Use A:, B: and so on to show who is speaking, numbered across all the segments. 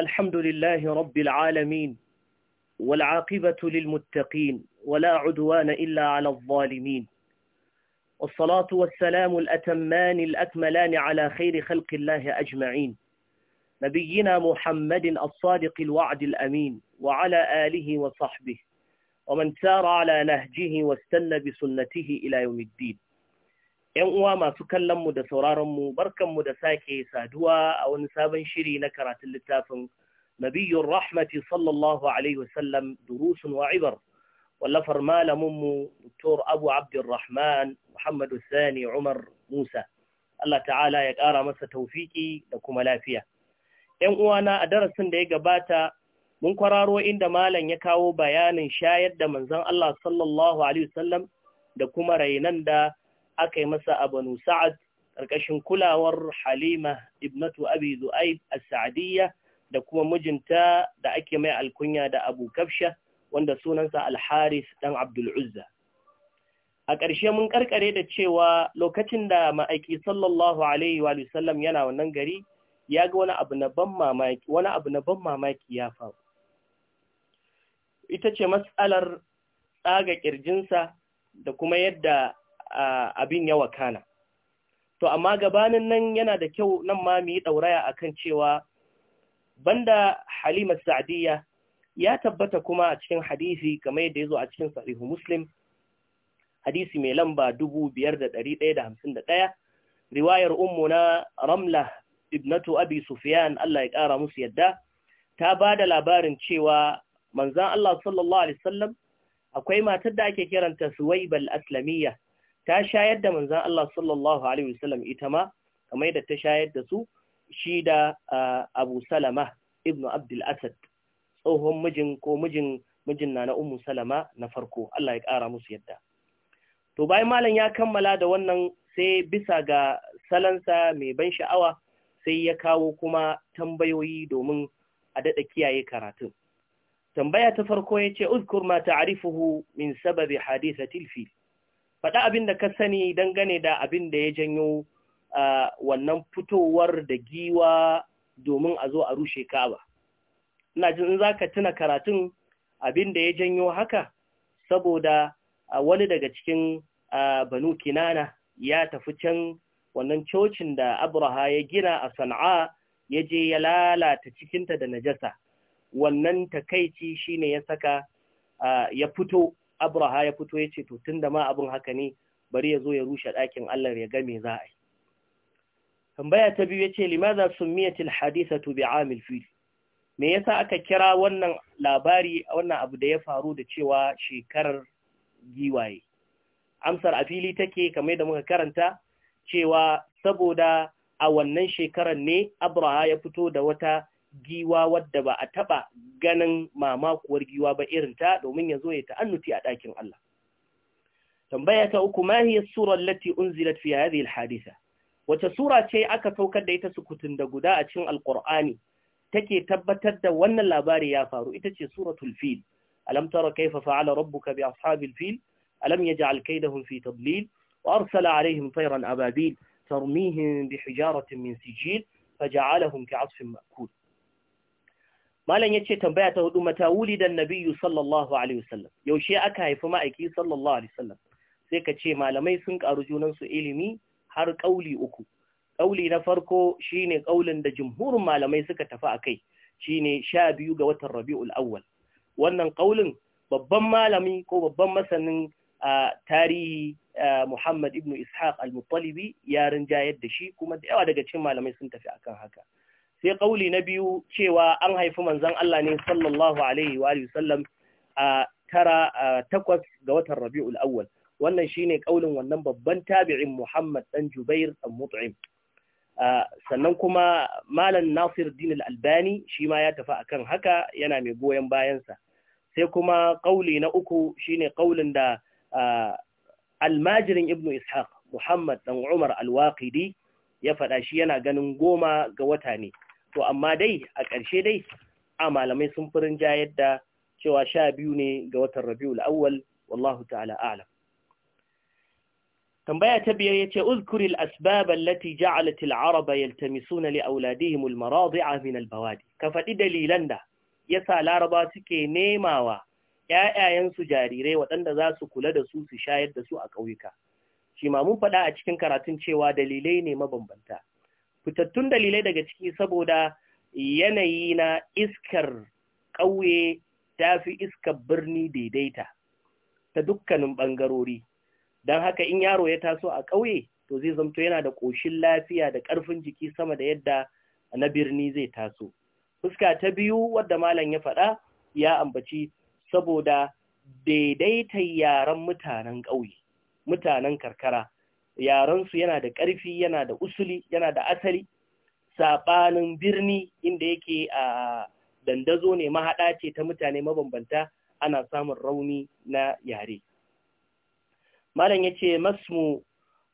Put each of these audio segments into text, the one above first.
A: الحمد لله رب العالمين والعاقبة للمتقين ولا عدوان إلا على الظالمين والصلاة والسلام الأتمان الأكملان على خير خلق الله أجمعين نبينا محمد الصادق الوعد الأمين وعلى آله وصحبه ومن سار على نهجه واستنى بسنته إلى يوم الدين ‘Yan uwa masu kallonmu da sauraronmu, barkanmu da sake saduwa a wani sabon shiri na karatun littafin نبي الرحمة صلى الله عليه وسلم دروس وعبر واللفر مال ممو دكتور أبو عبد الرحمن محمد الثاني عمر موسى الله ya ƙara masa taufiki da kuma lafiya. ‘Yan uwana a darasin da ya gabata, mun kwararo inda malam ya kawo bayanin shayar da manzon Allah sallallahu Alaihi wasallam da kuma rainan da aka yi masa a Banu Sa'ad ƙarƙashin kulawar Halima ibnatu Abi Zu'aib as-Sa'diyya da kuma mijinta da ake mai alkunya da abu kafsha wanda sunansa alharis dan abdul uzza a ƙarshe mun karkare da cewa lokacin da ma'aiki sallallahu alaihi wa sallam yana wannan gari ya ga wani abu na ban mamaki wani abu na ban mamaki ya faru ita ce matsalar tsaga kirjinsa da kuma yadda abin ya wakana to amma gabanin nan yana da kyau nan ma mu yi dauraya akan cewa banda halima sa'diyya ya tabbata kuma a cikin hadisi kamar yadda ya zo a cikin sahihu muslim hadisi mai lamba 5151 riwayar ummuna ramla ibnatu abi sufyan Allah ya kara musu yadda ta ba da labarin cewa manzan Allah sallallahu alaihi wasallam akwai matar da ake kiranta suwaibal aslamiyya ta shayar da manzan Allah sallallahu alaihi wasallam ita ma kamar yadda ta shayar da su shi da abu salama ibnu abdul asad tsohon mijin ko mijin mijin na na ummu salama na farko Allah ya ƙara musu yadda to bayan malam ya kammala da wannan sai bisa ga salansa mai ban sha'awa sai ya kawo kuma tambayoyi domin a daɗa kiyaye karatu tambaya ta farko ya ce uzkur ma ta'rifuhu min sababi hadithatil fil faɗa abin da ka sani dangane da abin da ya janyo wannan fitowar da giwa domin a zo a rushe kaba. ina jin za ka tuna karatun abin da ya janyo haka saboda wani daga cikin banu kinana ya tafi can wannan cocin da abraha ya gina a sana'a ya je ya lalata cikinta da najasa wannan takaici shine ya saka ya fito abraha ya fito ya ce to tun da ma abin haka ne bari ya zo ya rushe ɗakin allah ya ga me za a yi tambaya ta biyu yace limaza summiyat alhadithatu bi'amil fil me yasa aka kira wannan labari wannan abu da ya faru da cewa shekarar giwaye amsar a fili take kamar da muka karanta cewa saboda a wannan shekarar ne abraha ya fito da wata giwa wadda ba a taba ganin mamakuwar giwa ba irin ta domin ya zo ya ta'annuti a ɗakin Allah tambaya ta uku ma hiya sura lati unzilat fi hadhihi alhadisa wace sura ce aka saukar da ita sukutun da guda a cikin alqur'ani take tabbatar da wannan labari ya faru ita ce suratul fil alam tara kayfa fa'ala rabbuka bi ashabil fil alam yaj'al kaydahum fi tadlil wa arsala alaihim tayran ababil tarmihim bi hijaratin min sijil faja'alahum ka'asfin ma'kul malam yace tambaya ta hudu mata wulidan nabiyyu sallallahu alaihi wasallam yaushe aka haifi ma'aiki sallallahu alaihi wasallam sai ka ce malamai sun karu junan su ilimi har ƙauli uku ƙauli na farko shine ƙaulin da jumhurin malamai suka tafi a kai shine sha biyu ga watan rabi'ul awwal wannan ƙaulin babban malami ko babban masanin tarihi Muhammad ibn Ishaq al-Muttalibi ya rinjayar da shi kuma da yawa daga cikin malamai sun tafi akan haka sai ƙauli na biyu cewa an haifi manzon Allah ne sallallahu alaihi wa sallam a tara takwas ga watan Rabi'ul Awwal wannan shine kaulin wannan babban tabi'in Muhammad dan Jubair dan Mut'im sannan kuma Malam Nasir Din Al-Albani shi ma ya tafi akan haka yana mai goyon bayansa sai kuma kauli na uku shine kaulin da almajirin Ibn Ishaq Muhammad dan Umar Al-Waqidi ya faɗa shi yana ganin goma ga wata ne to amma dai a ƙarshe dai a malamai sun furin jayar da cewa sha biyu ne ga watan Rabiul Awwal wallahu ta'ala a'lam tambaya ta biyar yace uzkuril asbab allati ja'alat al-arab yaltamisuna li auladihim al-maradi'a min al-bawadi ka faɗi dalilan da yasa laraba suke nemawa ƴaƴayensu jarirai waɗanda za su kula da su su shayar da su a ƙauyuka shi ma mun faɗa a cikin karatun cewa dalilai ne mabambanta fitattun dalilai daga ciki saboda yanayi na iskar ƙauye ta fi iskar birni daidaita ta dukkanin ɓangarori don haka in yaro ya taso a ƙauye to zai zamto yana da ƙoshin lafiya da ƙarfin jiki sama da yadda na birni zai taso fuska ta biyu wadda malam ya faɗa ya ambaci saboda daidaita yaren mutanen ƙauye mutanen karkara yarensu yana da ƙarfi yana da usuli yana da asali saɓanin birni inda yake a dandazo ne mahaɗa ce ta mutane mabambanta ana samun rauni na yare malam yace masmu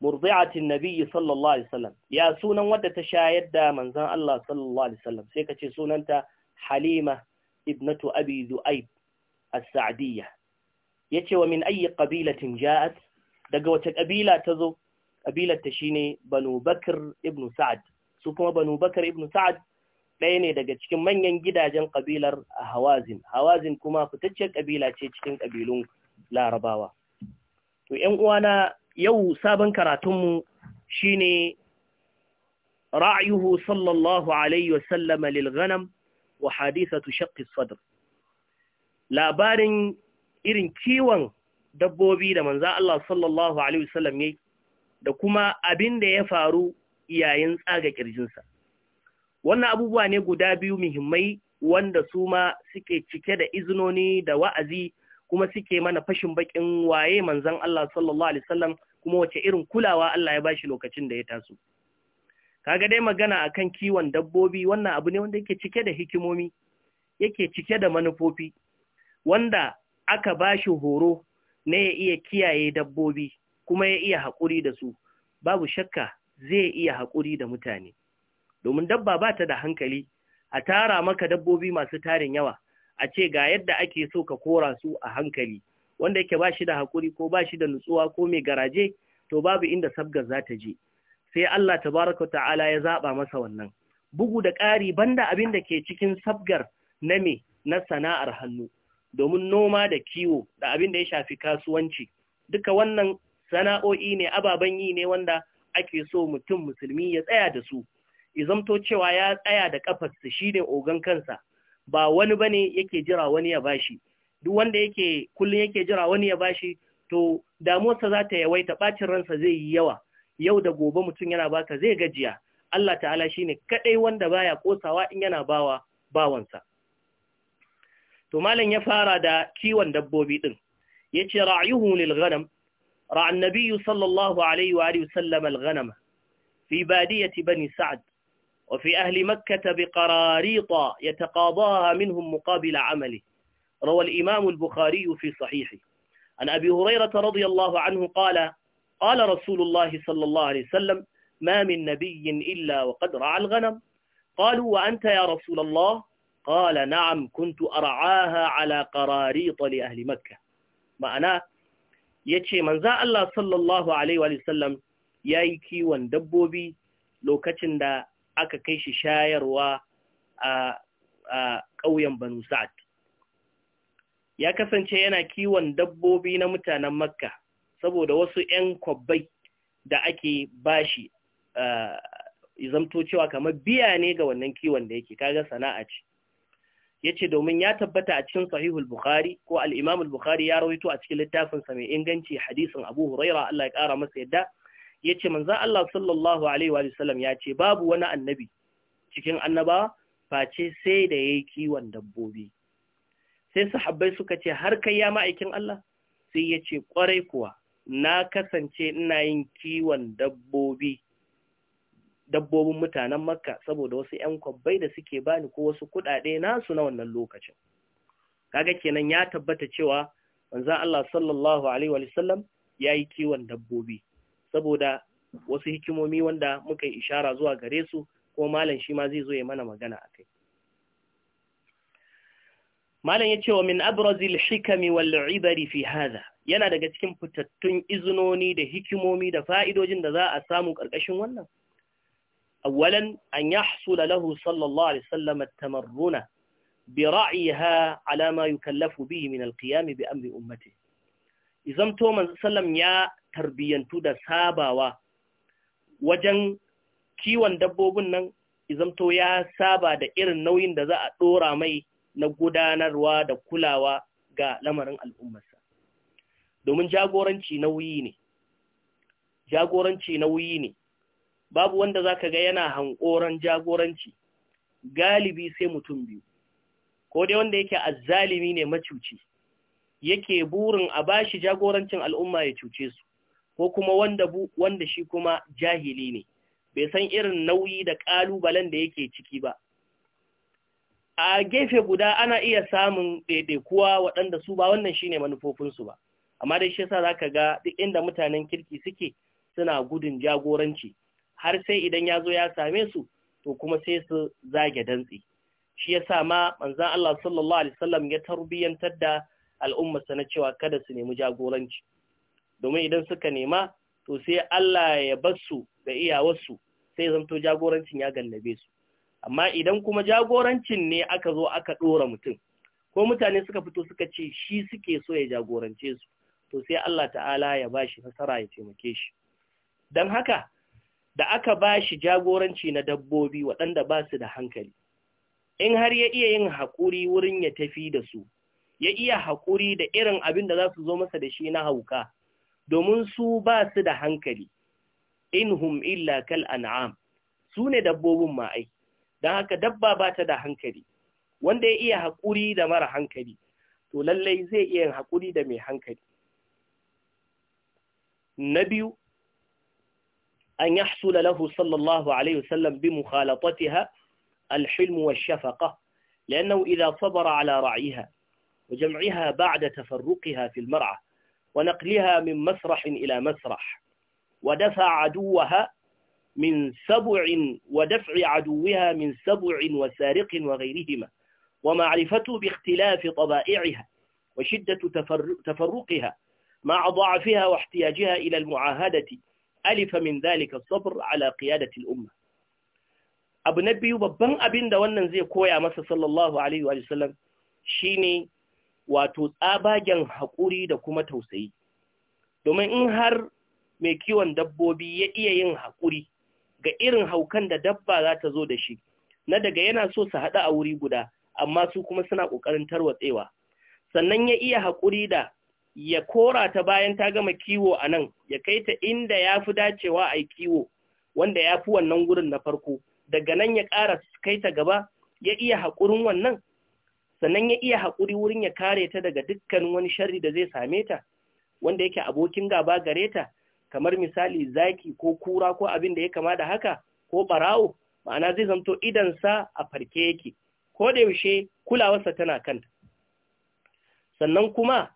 A: murdi'atin nabiyyi sallallahu alaihi wasallam ya sunan wadda ta shayar da manzon Allah sallallahu alaihi wasallam sai kace sunanta Halima ibnatu Abi Zu'aib as-Sa'diyya yace wa min ayi qabilatin ja'at daga wace kabila tazo kabilar ta shine Banu Bakr ibn Sa'd su kuma Banu Bakr ibn Sa'd ɗaya ne daga cikin manyan gidajen kabilar Hawazin Hawazin kuma fitaccen kabila ce cikin kabilun Larabawa to ‘yan uwana yau sabon karatunmu shi ne ra'ayuhu sallallahu Alaihi wasallam lilganam wa tu shaqqis Fadar, labarin irin kiwon dabbobi da manza Allah sallallahu Alaihi wasallam ya da kuma abin da ya faru yayin tsaga ƙirjinsa. Wannan abubuwa ne guda biyu muhimmai wanda su ma suke cike da iznoni da wa'azi kuma suke mana fashin bakin waye manzan Allah sallallahu alaihi wasallam kuma wace irin kulawa Allah ya bashi lokacin da ya taso kaga dai magana akan kiwon dabbobi wannan abu ne wanda yake cike da hikimomi yake cike da manufofi wanda aka bashi horo na ya iya kiyaye dabbobi kuma ya iya haƙuri da su babu shakka zai iya haƙuri da mutane domin dabba ba ta da hankali a tara maka dabbobi masu tarin yawa a ce ga yadda ake so ka kora su a hankali wanda yake ba shi da hakuri ko ba shi da nutsuwa ko mai garaje to babu inda sabgar za ta je sai Allah tabaraka ta'ala ya zaba masa wannan bugu da ƙari banda abin da ke cikin sabgar na me na sana'ar hannu domin noma da kiwo da abin da ya shafi kasuwanci duka wannan sana'o'i ne ababen yi ne wanda ake so mutum musulmi ya tsaya da su izamto cewa ya tsaya da kafarsa shine ogan kansa ba wani bane yake jira wani ya bashi duk wanda yake kullum yake jira wani ya bashi to damuwarsa za ta yawaita bacin ransa zai yi yawa yau da gobe mutum yana baka zai gajiya Allah ta'ala shine kaɗai wanda baya kosawa in yana bawa bawansa to malam ya fara da kiwon dabbobi din yace ra'yuhu lil ghanam ra'a an-nabiy sallallahu alaihi wa alihi sallam al-ghanama fi badiyati bani sa'ad. وفي أهل مكة بقراريط يتقاضاها منهم مقابل عمله روى الإمام البخاري في صحيحه عن أبي هريرة رضي الله عنه قال قال رسول الله صلى الله عليه وسلم ما من نبي إلا وقد رعى الغنم قالوا وأنت يا رسول الله قال نعم كنت أرعاها على قراريط لأهل مكة معناه yace manza الله sallallahu alaihi وسلم sallam واندبو بي لو lokacin da aka kai shi shayarwa a ƙauyen Banu Sa'ad. Ya kasance yana kiwon dabbobi na mutanen Makka saboda wasu ‘yan kwabbai da ake bashi zamto cewa kamar biya ne ga wannan kiwon da yake kaga sana'a ce. Ya ce domin ya tabbata a cikin sahihul Bukhari ko al'imamul Bukhari ya rawaito a cikin littafinsa mai inganci hadisin Abu Huraira Allah ya kara masa yadda ya ce manza Allah sallallahu Alaihi sallam ya ce babu wani annabi cikin annaba face sai da ya yi kiwon dabbobi. Sai sahabbai suka ce har kai ya ma'aikin Allah sai ya ce kwarai kuwa na kasance ina yin kiwon dabbobi. Dabbobin mutanen Makka saboda wasu ‘yan kwabbai da suke bani ko wasu kuɗaɗe nasu na wannan lokacin. Kaga kenan ya tabbata cewa manzan Allah sallallahu Alaihi sallam ya yi kiwon dabbobi. saboda wasu hikimomi wanda muka yi ishara zuwa gare su ko malam shi ma zai zo ya mana magana a kai malam ya ce wa min abrazil hikami wal ibari fi haza yana daga cikin fitattun izinoni da hikimomi da fa'idojin da za a samu ƙarƙashin wannan awalan an yahsula lahu sallallahu alaihi wasallam at-tamarruna bi ra'yiha ala ma yukallafu bihi min al bi amri ummatihi izamto manzo sallam ya tarbiyantu da sabawa wajen kiwon dabbobin nan izamto ya saba da irin nauyin da za a ɗora mai na gudanarwa da kulawa ga lamarin al'ummarsa domin jagoranci nauyi ne jagoranci nauyi ne babu wanda za ka ga yana hankoran jagoranci galibi sai mutum biyu ko dai wanda yake azzalimi ne macuci yake burin a bashi jagorancin al'umma ya cuce su ko kuma wanda bu wanda shi kuma jahili ne bai san irin nauyi da ƙalubalen da yake ciki ba a gefe guda ana iya samun daidaikuwa waɗanda su ba wannan shine manufofinsu ba amma dai shi yasa zaka ga duk inda mutanen kirki suke suna gudun jagoranci har sai idan ya zo ya same su to kuma sai su zage dantsi shi yasa ma manzon Allah sallallahu alaihi wasallam ya tarbiyantar da al'ummarsa na cewa kada su nemi jagoranci domin idan suka nema to sai Allah ya basu da iyawarsu sai zanto jagorancin ya gallabe su amma idan kuma jagorancin ne aka zo aka ɗora mutum ko mutane suka fito suka ce shi suke so ya jagorance su to sai Allah ta'ala ya bashi nasara ya taimake shi dan haka da aka bashi jagoranci na dabbobi waɗanda ba su da hankali in har ya iya yin haƙuri wurin ya tafi da su ya iya haƙuri da irin abin da za su zo masa da shi na hauka, domin su ba su da hankali, inhum illa kal an'am, su ne dabbobin ma'ai, don haka dabba ba ta da hankali, wanda ya iya haƙuri da mara hankali, to lallai zai iya haƙuri da mai hankali. Na biyu, an yahsula lahu sallallahu Alaihi wasallam bi mukhalatatiha alhilmu wa shafaka لأنه إذا صبر ala ra'iha وجمعها بعد تفرقها في المرعى ونقلها من مسرح إلى مسرح ودفع عدوها من سبع ودفع عدوها من سبع وسارق وغيرهما ومعرفته باختلاف طبائعها وشدة تفرقها مع ضعفها واحتياجها إلى المعاهدة ألف من ذلك الصبر على قيادة الأمة أبو نبي biyu أبن دوانا زي كويا zai صلى الله عليه وسلم شيني wato tsabagen haƙuri da kuma tausayi domin in har mai kiwon dabbobi ya iya yin haƙuri ga irin haukan da dabba za ta zo da shi na daga yana so su haɗu a wuri guda amma su kuma suna ƙoƙarin tarwatsewa sannan ya iya hakuri da ya kora ta bayan ta gama kiwo a nan ya kai ta inda ya fi dacewa a kiwo wanda ya fi wannan gurin na farko daga nan ya ƙara kai ta gaba ya iya haƙurin wannan sannan ya iya haƙuri wurin ya kare ta daga dukkan wani sharri da zai same ta wanda yake abokin gaba gare ta kamar misali zaki ko kura ko abin da ya kama da haka ko barawo ma'ana zai zanto sa a farke yake ko da yaushe kulawarsa tana kanta sannan kuma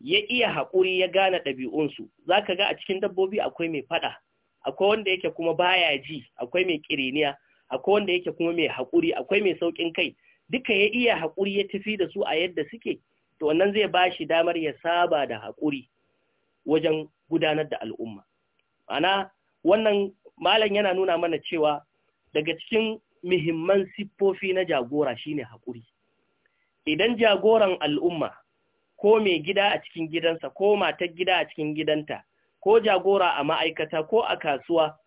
A: ya iya haƙuri ya gane ɗabi'unsu za ka ga a cikin dabbobi akwai mai faɗa akwai wanda yake kuma baya ji akwai mai ƙiriniya akwai wanda yake kuma mai haƙuri akwai mai sauƙin kai duka ya iya haƙuri ya tafi da su a yadda suke to wannan zai ba shi damar ya saba da haƙuri wajen gudanar da al'umma ana wannan malam yana nuna mana cewa daga cikin muhimman siffofi na jagora shine haƙuri idan jagoran al'umma ko mai gida a cikin gidansa ko matar gida a cikin gidanta ko jagora a ma'aikata ko a kasuwa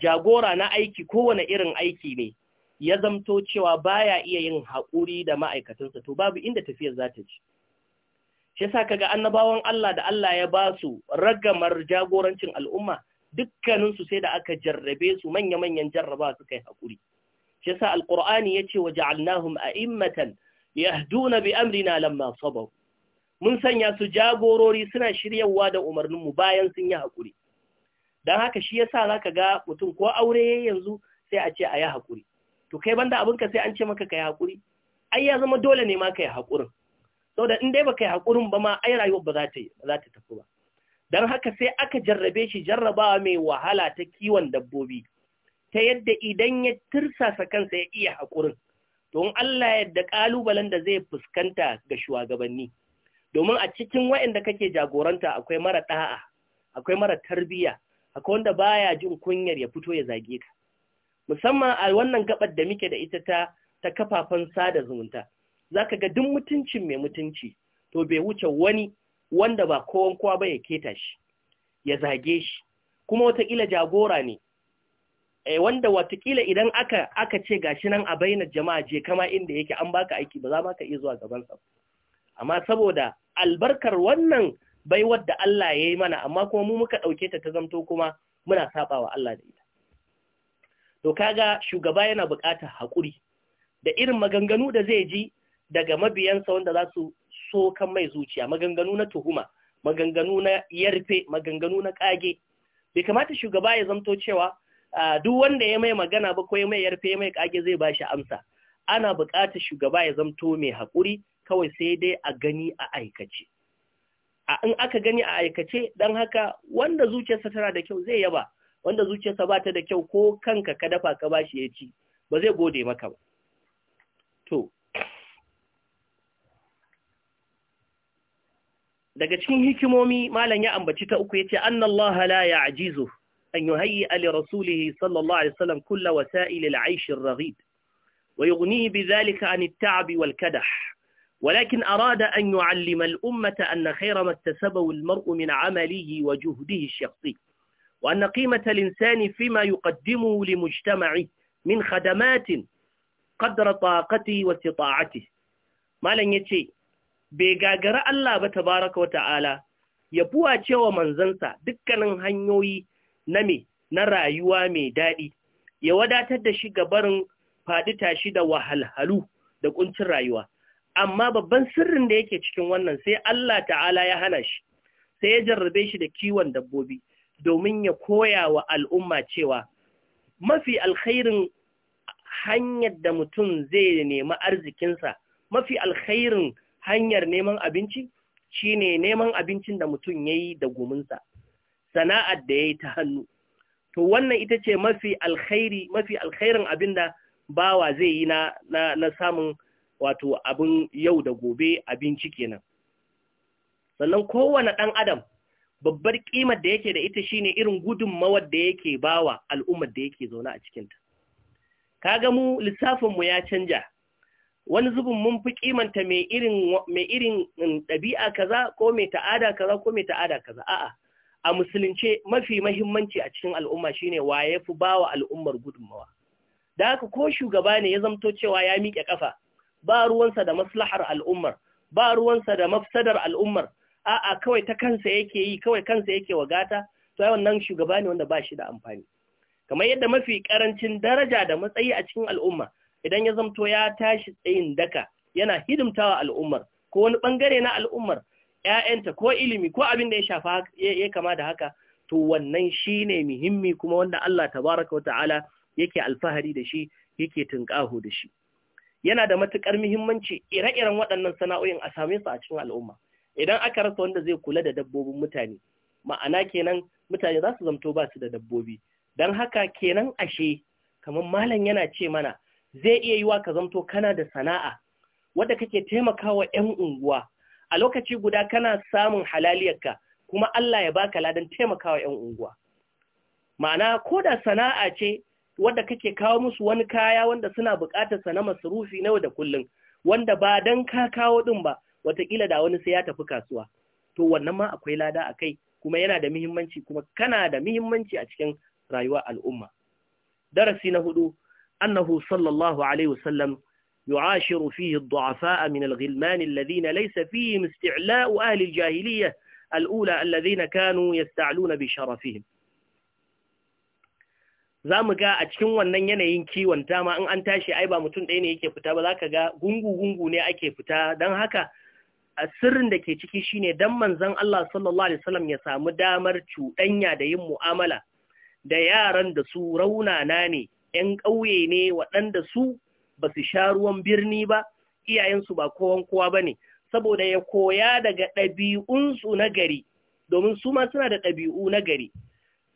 A: jagora na aiki kowane irin aiki ne ya zamto cewa baya iya yin haƙuri da ma'aikatansa to babu inda tafiyar za ta ci shi yasa kaga annabawan Allah da Allah ya ba su ragamar jagorancin al'umma dukkanin sai da aka jarrabe su manya-manyan jarraba suka kai haƙuri shi yasa alqur'ani yace wa ja'alnahum a'immatan yahduna bi amrina lamma sabaru mun sanya su jagorori suna shiryawa da umarninmu bayan sun yi haƙuri dan haka shi yasa zaka ga mutum ko aure yanzu sai a ce a yi haƙuri to kai banda ka sai an ce maka kai haƙuri ai ya zama dole ne ma kai haƙurin saboda in dai baka yi haƙurin ba ma ai rayuwar ba za ta za ta tafi ba dan haka sai aka jarrabe shi jarrabawa mai wahala ta kiwon dabbobi ta yadda idan ya tirsasa kansa ya iya hakurin to in Allah yadda kalubalen da zai fuskanta ga shugabanni domin a cikin waɗanda kake jagoranta akwai mara ɗa'a akwai mara tarbiyya akwai wanda baya jin kunyar ya fito ya zage ka musamman a wannan gabar da muke da ita ta ta kafafen sada zumunta zaka ga duk mutuncin mai mutunci to bai wuce wani wanda ba kowan kowa ba ya keta shi ya zage shi kuma watakila jagora ne eh wanda watakila idan aka aka ce gashi nan a bainar jama'a je kama inda yake an baka aiki ba za ma ka iya zuwa gaban sa amma saboda albarkar wannan baiwar da Allah ya yi mana amma kuma mu muka dauke ta ta zamto kuma muna sabawa Allah da ita to kaga shugaba yana buƙatar haƙuri da irin maganganu da zai ji daga mabiyansa wanda za su so kan mai zuciya maganganu na tuhuma maganganu na yarfe maganganu na ƙage bai kamata shugaba ya zamto cewa duk wanda ya mai magana ba ko ya mai yarfe ya mai ƙage zai ba shi amsa ana buƙatar shugaba ya zamto mai haƙuri kawai sai dai a gani a aikace A in aka gani a aikace don haka wanda zuciyarsa tana da kyau zai yaba wanda zuciyarsa ba ta da kyau ko kanka ka dafa ka bashi ya ci ba zai gode maka ba to daga cikin hikimomi malam ya ambaci ta uku yace annallaha la ya'jizu an yuhayyi li rasulihi sallallahu alaihi wasallam kull wasa'il al-'aish ar-raghid wa yughnihi bidhalika 'an at-ta'b wal-kadah ولكن أراد أن يعلم الأمة أن خير ما اكتسبه المرء من عمله وجهده الشخصي وأن قيمة الإنسان فيما يقدمه لمجتمعه من خدمات قدر طاقته واستطاعته ما لن يتشي بيقاقر الله بتبارك وتعالى يبوى تشوى زنسى دكنا هنيوي نمي نرى يوامي دائي يودا تدشي قبرن فادتا شدا وهلهلو da kuncin rayuwa amma babban sirrin da yake cikin wannan sai Allah ta'ala ya hana shi sai ya jarrabe domin ya koya wa al'umma cewa mafi alkhairin hanyar da mutum zai nemi arzikinsa, mafi alkhairin hanyar neman abinci shi ne neman abincin da mutum ya yi da guminsa, sana'ar da ya yi ta hannu. To wannan ita ce mafi alkhairi, mafi alkhairin abin da bawa zai yi na, na, na samun wato abin yau da gobe abinci kenan. Sannan kowane ɗan Adam babbar ƙimar da yake da ita shine irin gudunmawar da yake bawa al'ummar da yake zaune a cikinta kaga mu lissafinmu ya canja wani zubin mun fi kimanta mai irin mai um, ɗabi'a kaza ko mai ta'ada kaza ko mai ta'ada kaza a'a a musulunce mafi mahimmanci a cikin al'umma shine waye fi bawa al'ummar gudunmawa da haka ko shugaba ne ya zamto cewa ya miƙe kafa ba ruwansa da maslahar al'ummar ba ruwansa da mafsadar al'ummar a'a kawai ta kansa yake yi kawai kansa yake wagata to ai wannan shugaba ne wanda ba shi da amfani kamar yadda mafi karancin daraja da matsayi a cikin al'umma idan ya zamto ya tashi tsayin daka yana hidimtawa al'ummar ko wani bangare na al'ummar ƴaƴanta ko ilimi ko abin da ya shafa ya kama da haka to wannan shi ne muhimmi kuma wanda Allah tabaraka wata'ala yake alfahari da shi yake tunƙaho da shi yana da matuƙar muhimmanci ire-iren waɗannan sana'o'in a same su a cikin al'umma idan aka rasa wanda zai kula da dabbobin mutane ma'ana kenan mutane za su zamto ba su da dabbobi don haka kenan ashe kamar malam yana ce mana zai iya yiwa ka zamto kana da sana'a wadda kake taimakawa 'yan unguwa a lokaci guda kana samun halaliyarka kuma Allah ya baka ladan taimakawa 'yan unguwa ma'ana ko da sana'a ce wadda kake kawo musu wani kaya wanda suna bukatar sa na masarufi na yau da kullum wanda ba don ka kawo din ba wataƙila da wani sai ya tafi kasuwa to wannan ma akwai lada a kai kuma yana da muhimmanci kuma kana da muhimmanci a cikin rayuwar al'umma darasi na hudu annahu sallallahu alaihi wasallam يعاشر فيه الضعفاء من الغلمان الذين ليس فيهم استعلاء أهل الجاهلية الأولى الذين كانوا يستعلون بشرفهم za mu ga a cikin wannan yanayin kiwon tama in an tashi ai ba mutum ɗaya ne yake fita ba za ka ga gungu-gungu ne ake fita don haka a sirrin da ke ciki shine dan manzon Allah sallallahu alaihi wasallam ya samu damar cuɗanya da yin mu'amala da yaran da su raunana ne ‘yan ƙauye ne waɗanda su ba su sha ruwan birni ba iyayensu ba kowan kowa bane. saboda ya koya daga ɗabi'unsu na gari domin su ma suna da ɗabi'u na gari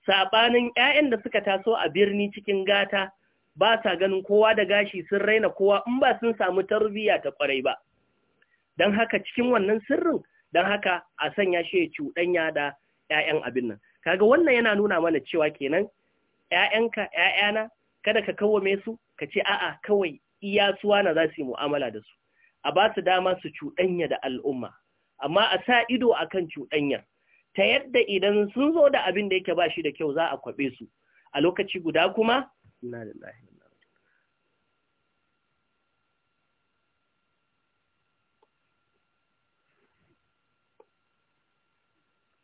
A: saɓanin ‘ya'yan da suka taso a birni cikin gata ba sa ganin kowa da gashi sun raina kowa in ba sun samu tarbiyya ta ƙwarai ba don haka cikin wannan sirrin don haka a sanya shi cuɗanya da ‘ya'yan abin nan kaga wannan yana nuna mana cewa kenan ‘ya'yanka ‘ya'yana kada ka kawwame su ka ce a'a kawai iyasuwa na za su yi mu'amala da su a ba su dama su cuɗanya da al'umma amma a sa ido a kan cuɗanyar ta yadda idan sun zo da abin da yake ba shi da kyau za a kwaɓe su a lokaci guda kuma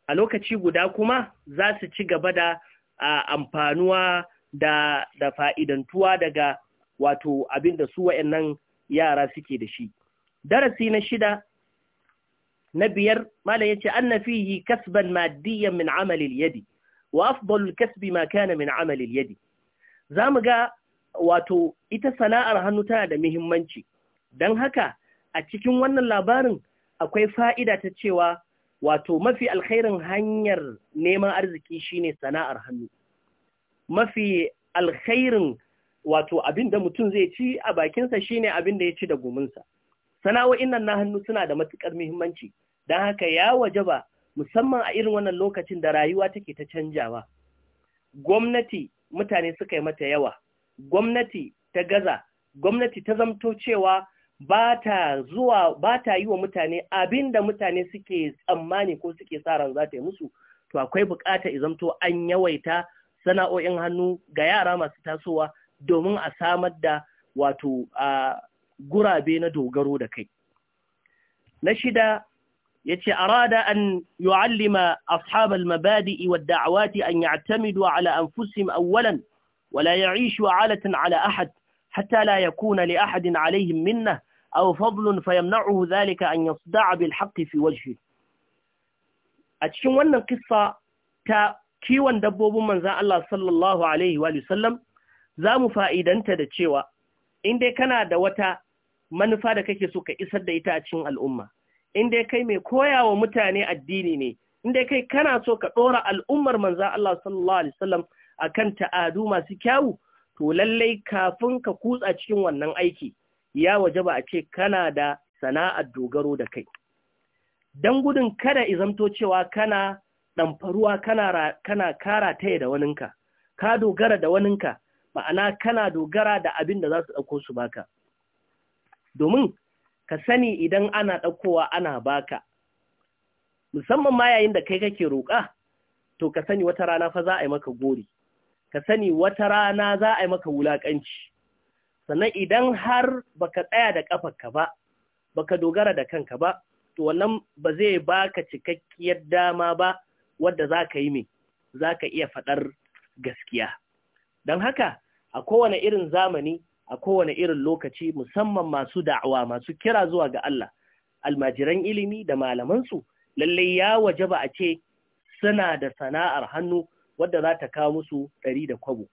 A: a lokaci guda kuma za su ci gaba da amfanuwa da da fa'idantuwa daga wato abin da su wa'annan yara suke da shi darasi na shida na biyar malam An na fihi kasban maddiyan min amali yadi wa afdalul kasbi ma kana min amalin yadi. Za mu ga wato ita sana'ar hannu tana da muhimmanci don haka a cikin wannan labarin akwai fa'ida ta cewa wato mafi alkhairin hanyar neman arziki shine sana'ar hannu mafi alkhairin wato abin da mutum zai ci a bakinsa shine abin da ya ci da guminsa sana'o'in nan na hannu suna da matukar muhimmanci don haka ya wajaba musamman a irin wannan lokacin da rayuwa take ta canjawa gwamnati mutane suka yi mata yawa gwamnati ta gaza gwamnati ta zamto cewa ba ta zuwa ba ta yi wa mutane abinda mutane suke tsammani ko suke sa ran za ta yi musu to akwai bukata izamto an yawaita sana'o'in hannu ga yara masu tasowa domin a samar da wato a gurabe na dogaro da kai na shida yace arada an yu'allima ashabal mabadii wa daawati an ya'tamidu ala anfusihim awwalan wala ya'ishu 'alatan 'ala ahad حتى لا يكون لأحد عليهم منه أو فضل فيمنعه ذلك أن يصدع بالحق في وجهه أتشن وانا قصة تا كيوان دبوب من ذا الله صلى الله عليه وآله وسلم ذا مفائدا تدتشيوا إن دي كان دوتا من فادك كيسوك إسد إتا أتشن الأمة إن دي كي مي كويا ومتاني الديني ني إن دي كي كان سوك دورا الأمة من ذا الله صلى الله عليه وسلم أكن تآدو ما سكاو to lallai kafin ka kutsa cikin wannan aiki ya waje ba a ce kana da sana'ar dogaro da kai don gudun kada izamto cewa kana ɗamfaruwa kana, kana kara taya da waninka ka dogara da waninka ma'ana kana dogara da abin da za su ɗauko su baka domin ka sani idan ana ɗaukowa ana baka musamman ma yayin da kai kake roƙa to ka sani wata rana fa za a yi maka gori ka sani wata rana za a yi maka wulaƙanci sannan idan har ba ka tsaya da ƙafarka ba ba ka dogara da kanka ba to wannan ba zai baka cikakkiyar dama ba wadda za ka yi mai za ka iya faɗar gaskiya don haka a kowane irin zamani a kowane irin lokaci musamman masu da'awa masu kira zuwa ga Allah almajiran ilimi da malamansu lallai ya waje ba a ce suna da sana'ar hannu wadda za ta kawo musu ɗari da kwabo.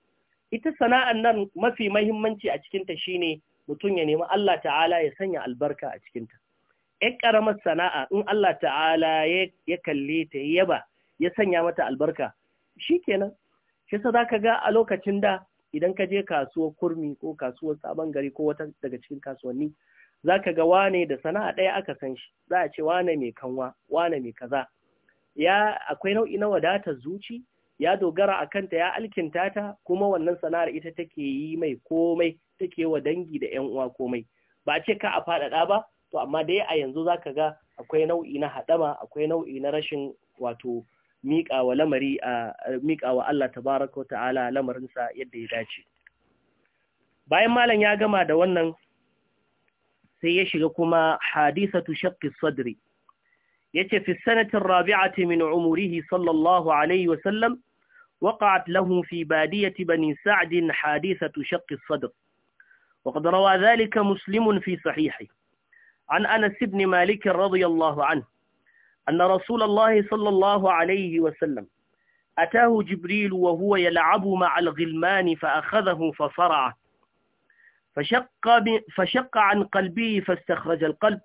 A: Ita sana'an nan mafi mahimmanci a cikinta shi ne mutum ya nemi Allah ta'ala ya sanya albarka a cikinta. ‘Yan ƙaramar sana'a in Allah ta'ala ya kalle ta yaba ya sanya mata albarka, shi kenan. Shi sa za ka ga a lokacin da idan ka je kasuwar kurmi ko kasuwar sabon gari ko wata daga cikin kasuwanni, za ka ga wane da sana'a ɗaya aka san shi, za a ce wane mai kanwa, wane mai kaza. Ya akwai nau'i na wadatar zuci, ya dogara a kanta ya alkinta ta kuma wannan sana'ar ita take yi mai komai take wa dangi da yan uwa komai ba ce ka a faɗaɗa ba to amma dai a yanzu zaka ga akwai nau'i na haɗama akwai nau'i na rashin wato miƙa wa lamari a miƙa wa Allah tabaraka wa ta'ala lamarinsa yadda ya dace bayan malam ya gama da wannan sai ya shiga kuma hadisatu shaqqi sadri yace fi sanati rabi'ati min umurihi sallallahu alaihi wa sallam وقعت له في بادية بني سعد حادثة شق الصدر وقد روى ذلك مسلم في صحيحه عن أنس بن مالك رضي الله عنه أن رسول الله صلى الله عليه وسلم أتاه جبريل وهو يلعب مع الغلمان فأخذه فصرعه فشق, فشق عن قلبه فاستخرج القلب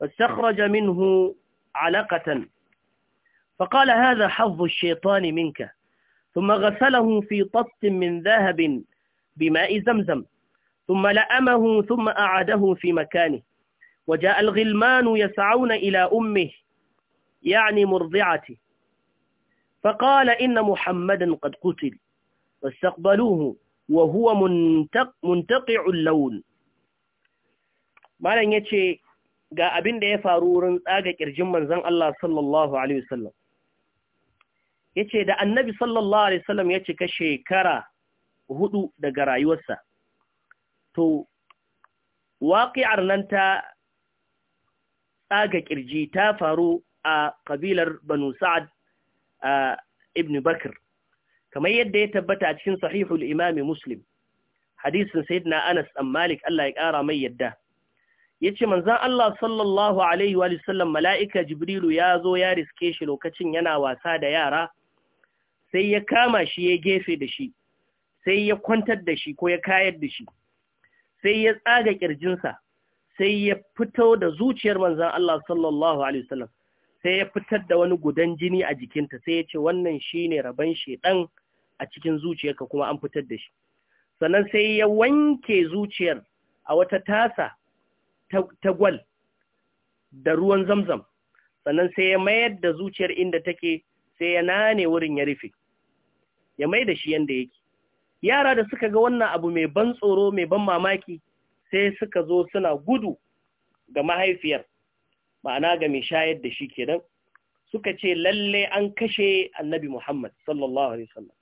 A: فاستخرج منه علقة فقال هذا حظ الشيطان منك ثم غسله في طست من ذهب بماء زمزم ثم لأمه ثم أعاده في مكانه وجاء الغلمان يسعون إلى أمه يعني مرضعته فقال إن محمدا قد قتل واستقبلوه وهو منتق منتقع اللون ما لن يتشي قابين دي da آقا كرجم من زن الله صلى الله عليه وسلم Ya ce da annabi sallallahu alaihi wasallam ya cika shekara hudu daga rayuwarsa to waƙi'ar nan ta tsaga ƙirji ta faru a kabilar banu sa'ad ibn bakr kamar yadda ya tabbata a cikin sahihul imami muslim hadisin sayyidina anas dan malik Allah ya ƙara mai yadda yace manzon Allah sallallahu alaihi wa sallam mala'ika jibrilu ya zo ya riske shi lokacin yana wasa da yara sai ya kama shi ya gefe da shi sai ya kwantar da shi ko ya kayar da shi sai ya tsaga ƙirjinsa, sai ya fito da zuciyar manzan Allah sallallahu alaihi wasallam sai ya fitar da wani gudan jini a jikinta sai ya ce wannan shi shine rabon shedan a cikin zuciyarka kuma an fitar da shi sannan sai ya wanke zuciyar a wata tasa ta gwal da ruwan zamzam sannan sai ya mayar da zuciyar inda take sai ya nane wurin ya rufe ya mai da shi yanda yake yara da suka ga wannan abu mai ban tsoro mai ban mamaki sai suka zo suna gudu ga mahaifiyar ma'ana ga mai shayar da shi kenan suka ce lalle an kashe annabi Muhammad sallallahu alaihi wasallam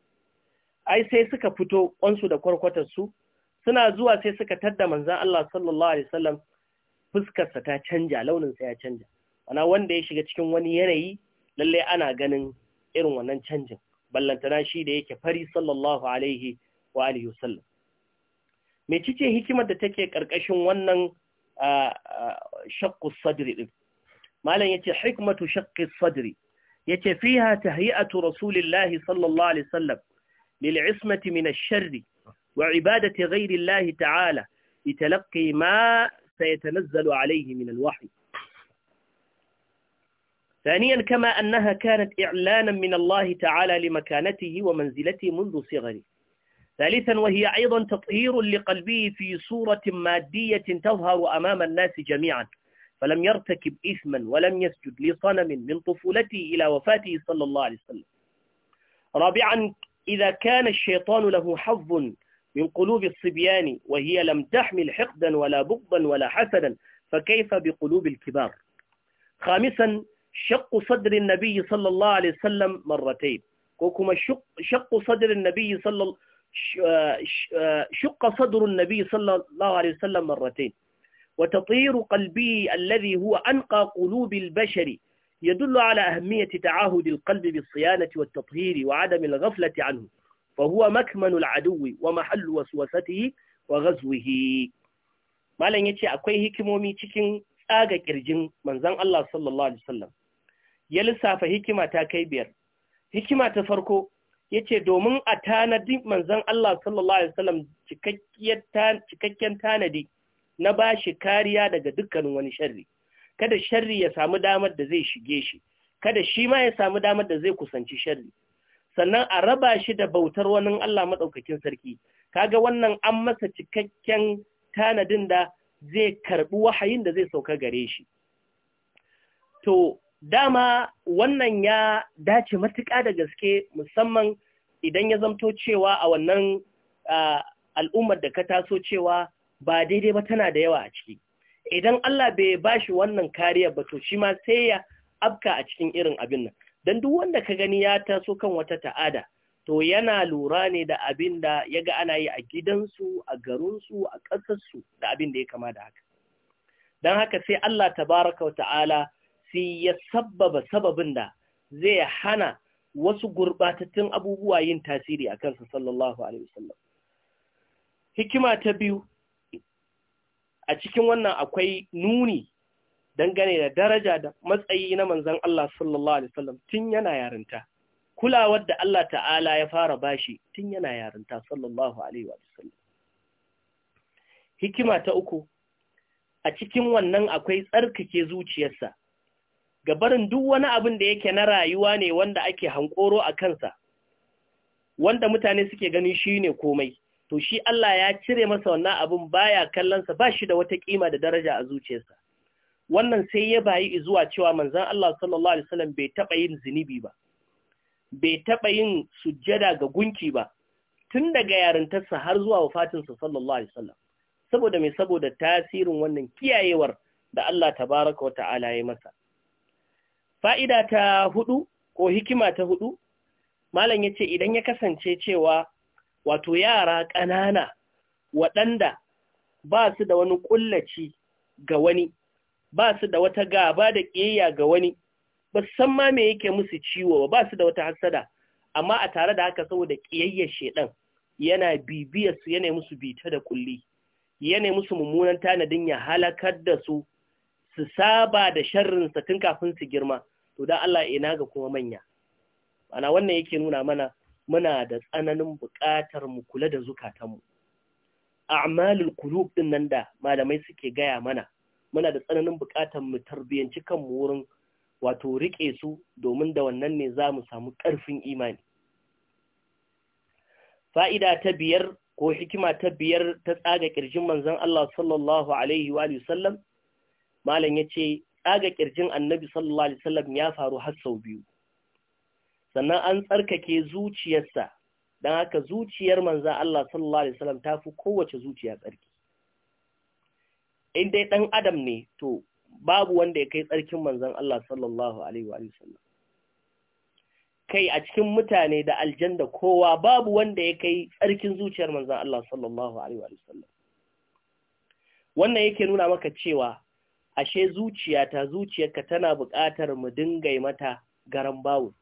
A: ai sai suka fito kwansu da su suna zuwa sai suka tadda manzon Allah sallallahu alaihi wasallam fuskarsa ta canja launinsa ya canja ana wanda ya shiga cikin wani yanayi lalle ana ganin irin wannan canjin ballantana shi da yake fari sallallahu alaihi wa alihi wasallam me cice hikimar da take karkashin wannan shaqqu sadri din malam yace hikmatu shaqqi sadri yace fiha tahiyatu rasulillahi sallallahu alaihi wasallam lil'ismati min ash-sharri wa ibadati ghayri Allah ta'ala لتلقي ta سيتنزل alaihi من wahyi ثانيا كما أنها كانت إعلانا من الله تعالى لمكانته ومنزلته منذ صغره ثالثا وهي أيضا تطهير لقلبه في صورة مادية تظهر أمام الناس جميعا فلم يرتكب إثما ولم يسجد لصنم من طفولته إلى وفاته صلى الله عليه وسلم رابعا إذا كان الشيطان له حظ من قلوب الصبيان وهي لم تحمل حقدا ولا بغضا ولا حسدا فكيف بقلوب الكبار خامسا شق صدر النبي صلى الله عليه وسلم مرتين وكما شق, شق صدر النبي صلى شق صدر النبي صلى الله عليه وسلم مرتين وتطير قلبي الذي هو أنقى قلوب البشر يدل على أهمية تعاهد القلب بالصيانة والتطهير وعدم الغفلة عنه فهو مكمن العدو ومحل وسوسته وغزوه ما لن يتي أكوي هكمومي تكين آغا كرجن زن الله صلى الله عليه وسلم ya lissafa hikima ta kai biyar hikima ta farko ya ce domin a tanadi manzan Allah sallallahu Alaihi wasallam cikakken tanadi na ba shi kariya daga dukkanin wani sharri kada sharri ya samu damar da zai shige shi kada shi ma ya samu damar da zai kusanci sharri sannan a raba shi da bautar wani Allah maɗaukakin sarki kaga wannan an masa cikakken tanadin da zai karɓi wahayin da zai sauka gare shi to dama wannan ya dace matuƙa da gaske musamman idan ya zamto cewa a wannan al'ummar da ka taso cewa ba daidai ba tana da yawa a ciki idan Allah bai ba shi wannan kariya ba to shi ma sai ya afka a cikin irin abin nan dan duk wanda ka gani ya taso kan wata ta'ada to yana lura ne da abin da ya ga ana yi a gidansu a garinsu a ƙasarsu da abin da ya kama da haka don haka sai Allah tabaraka wa ta'ala sai ya sabbaba sababin da zai hana wasu gurbatattun abubuwa yin tasiri a kansa sallallahu alaihi wasallam hikima ta biyu a cikin wannan akwai nuni dangane da daraja da matsayi na manzan Allah sallallahu alaihi wasallam tun yana yarinta kulawar da Allah ta'ala ya fara bashi tun yana yarinta sallallahu alaihi wasallam hikima ta uku a cikin wannan akwai tsarkake zuciyarsa Gabarin duk wani abin da yake na rayuwa ne wanda ake hankoro a kansa wanda mutane suke gani shi ne komai to shi Allah ya cire masa wannan abin baya kallonsa ba shi da wata kima da daraja a zuciyarsa wannan sai ya bayi zuwa cewa manzan Allah sallallahu alaihi wasallam yin zunubi ba bai taɓa yin sujjada ga gunki ba tun daga yarintarsa har zuwa wafatinsa sallallahu alaihi wasallam saboda mai saboda tasirin wannan kiyayewar da Allah tabaraka wa ta'ala ya masa Fa'ida ta hudu ko hikima ta hudu, Malam ya ce idan ya kasance cewa wato yara ƙanana waɗanda ba su da wani ƙullaci ga wani, ba su da wata gaba da ƙiyayya ga wani, ba san ma me yake musu ciwo ba su da wata hassada, amma a tare da haka saboda ƙiyayyar shedan yana bibiya su yana musu bita da kulli, yana musu mummunan tanadin ya halakar da su su saba da sharrinsa tun kafin su girma. to da Allah ina ga kuma manya ana wannan yake nuna mana muna da tsananin buƙatar mu kula da zukatanmu a'malul qulub din nan da malamai suke gaya mana muna da tsananin buƙatar mu tarbiyanci kanmu wurin wato rike su domin da wannan ne za mu samu ƙarfin imani fa'ida ta biyar ko hikima ta biyar ta tsaga ƙirjin manzon Allah sallallahu alaihi wa sallam malam yace tsaga kirjin annabi sallallahu alaihi wasallam ya faru har sau biyu sannan an tsarkake zuciyarsa don haka zuciyar manza Allah sallallahu alaihi wasallam ta fi kowace zuciya tsarki in dai dan adam ne to babu wanda ya kai tsarkin manzan Allah sallallahu alaihi wasallam kai a cikin mutane da aljanda kowa babu wanda ya kai tsarkin zuciyar manzan Allah sallallahu alaihi wasallam wannan yake nuna maka cewa ashe zuciyata zuciyarka tana buƙatar mu dinga mata garan bawo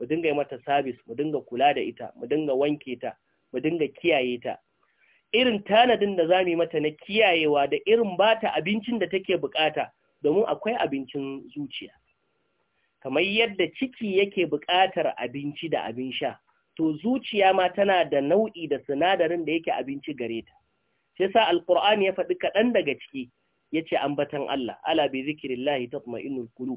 A: mu dinga mata sabis mu dinga kula da ita mu dinga wanke ta mu dinga kiyaye ta irin tanadin da zamu yi mata na kiyayewa da irin bata abincin da take buƙata domin akwai abincin zuciya kamar yadda ciki yake buƙatar abinci da abin sha to zuciya ma tana da nau'i da sinadarin da yake abinci gare ta sai sa alqur'ani ya faɗi kaɗan daga ciki Ya yace ambatan Allah ala bi zikrillahi tatma'innul qulub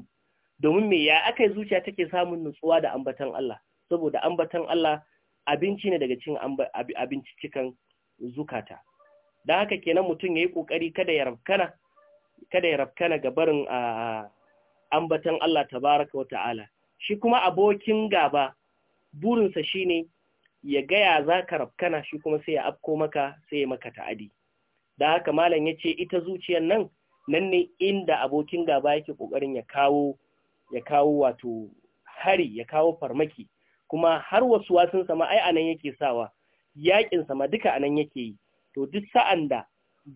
A: domin me ya akai zuciya take samun nutsuwa da ambatan Allah saboda ambatan Allah abinci ne daga cikin abincicikan zukata Da haka kenan mutum ya yi ƙoƙari ya kada ya rafkana ga barin ambatan Allah tabaraka Ta'ala. shi kuma abokin gaba burinsa shine ya gaya za ka rafkana shi kuma sai ya afko maka sai ya maka ta'adi da haka malam ya ce ita zuciyar nan nan ne inda abokin gaba yake ƙoƙarin ya kawo ya kawo wato hari ya kawo farmaki kuma har wasu wasun sama ai anan yake sawa yakin sama duka anan yake yi to duk sa'an da